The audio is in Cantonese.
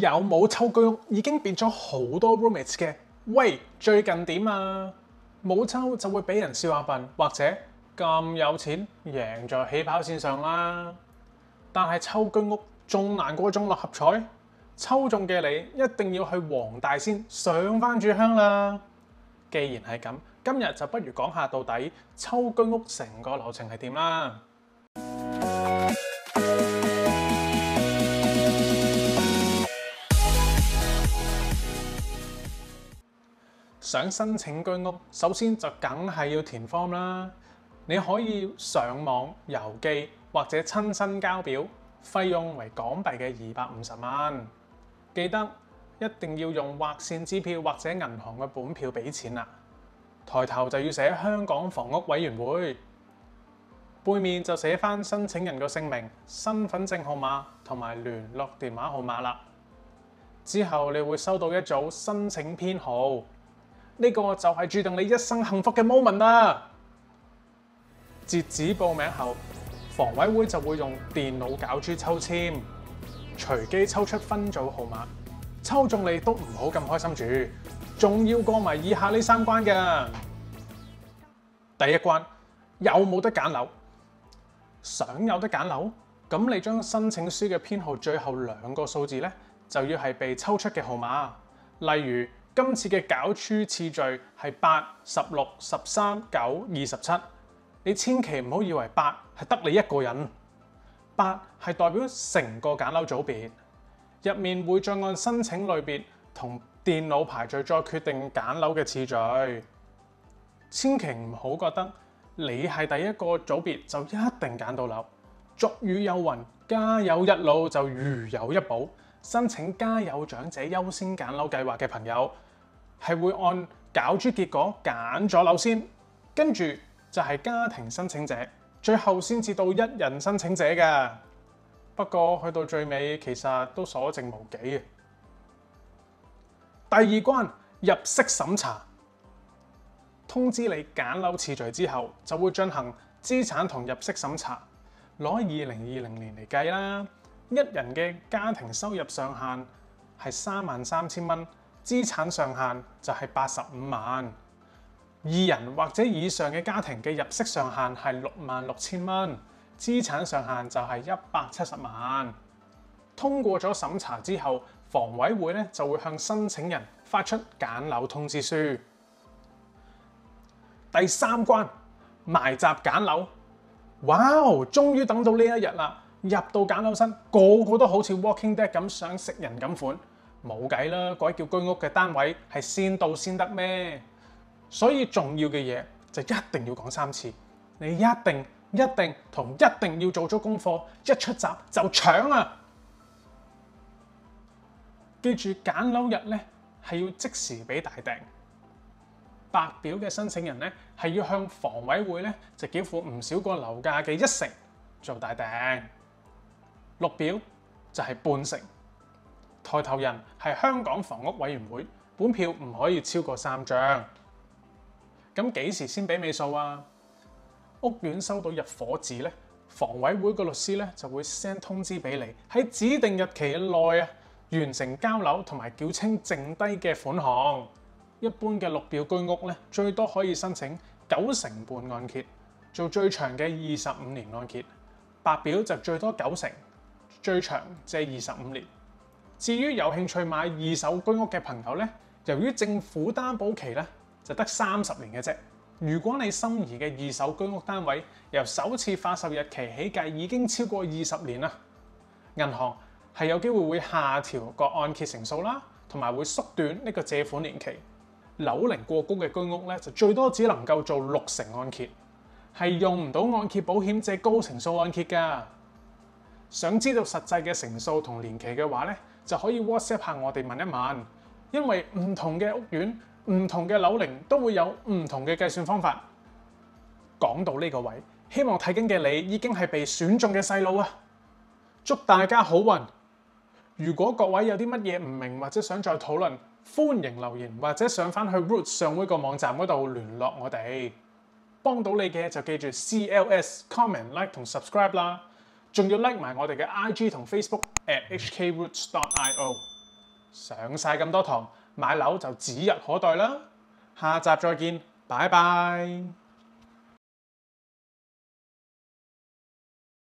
有冇抽居屋已經變咗好多 roommates 嘅，喂，最近點啊？冇抽就會俾人笑下笨，或者咁有錢贏在起跑線上啦。但係抽居屋仲難過中六合彩，抽中嘅你一定要去黃大仙上翻柱香啦。既然係咁，今日就不如講下到底抽居屋成個流程係點啦。想申請居屋，首先就梗係要填 form 啦。你可以上網郵寄或者親身交表，費用為港幣嘅二百五十蚊。記得一定要用劃線支票或者銀行嘅本票俾錢啦。抬頭就要寫香港房屋委員會，背面就寫返申請人嘅姓名、身份證號碼同埋聯絡電話號碼啦。之後你會收到一組申請編號。呢個就係注定你一生幸福嘅 moment 啦，啊！截止報名後，房委會就會用電腦攪珠抽籤，隨機抽出分組號碼。抽中你都唔好咁開心住，仲要過埋以下呢三關嘅。第一關，有冇得揀樓？想有得揀樓，咁你將申請書嘅編號最後兩個數字呢，就要係被抽出嘅號碼。例如，今次嘅搞出次序係八、十六、十三、九、二十七，你千祈唔好以為八係得你一個人，八係代表成個揀樓組別，入面會再按申請類別同電腦排序再決定揀樓嘅次序，千祈唔好覺得你係第一個組別就一定揀到樓。俗語有云，家有一老就如有一寶，申請家有長者優先揀樓計劃嘅朋友。係會按攪珠結果揀咗樓先，跟住就係家庭申請者，最後先至到一人申請者㗎。不過去到最尾其實都所剩無幾。第二關入息審查，通知你揀樓次序之後，就會進行資產同入息審查。攞二零二零年嚟計啦，一人嘅家庭收入上限係三萬三千蚊。資產上限就係八十五萬，二人或者以上嘅家庭嘅入息上限係六萬六千蚊，資產上限就係一百七十萬。通過咗審查之後，房委會咧就會向申請人發出揀樓通知書。第三關埋閘揀樓，哇！Wow！終於等到呢一日啦，入到揀樓室，個個都好似 Walking Dead 咁，想食人咁款。冇計啦，改叫居屋嘅單位係先到先得咩？所以重要嘅嘢就一定要講三次，你一定一定同一定要做足功課，一出閘就搶啊！記住，揀樓日呢係要即時俾大訂，白表嘅申請人呢係要向房委會呢就繳付唔少過樓價嘅一成做大訂，綠表就係半成。抬頭人係香港房屋委員會，本票唔可以超過三張。咁幾時先俾尾數啊？屋苑收到入伙紙咧，房委會個律師咧就會 send 通知俾你喺指定日期內啊，完成交樓同埋繳清剩低嘅款項。一般嘅綠表居屋咧，最多可以申請九成半按揭，做最長嘅二十五年按揭。白表就最多九成，最長借二十五年。至於有興趣買二手居屋嘅朋友咧，由於政府擔保期咧就得三十年嘅啫。如果你心儀嘅二手居屋單位由首次發售日期起計已經超過二十年啦，銀行係有機會會下調個按揭成數啦，同埋會縮短呢個借款年期。樓齡過高嘅居屋呢，就最多只能夠做六成按揭，係用唔到按揭保險借高成數按揭㗎。想知道實際嘅成數同年期嘅話呢，就可以 WhatsApp 下我哋問一問，因為唔同嘅屋苑、唔同嘅樓齡都會有唔同嘅計算方法。講到呢個位，希望睇緊嘅你已經係被選中嘅細路啊！祝大家好運。如果各位有啲乜嘢唔明或者想再討論，歡迎留言或者上返去 Root 上會個網站嗰度聯絡我哋。幫到你嘅就記住 CLS Comment Like 同 Subscribe 啦。仲要 like 埋我哋嘅 IG 同 Facebook at hkroots.io。上晒咁多堂，買樓就指日可待啦！下集再見，拜拜。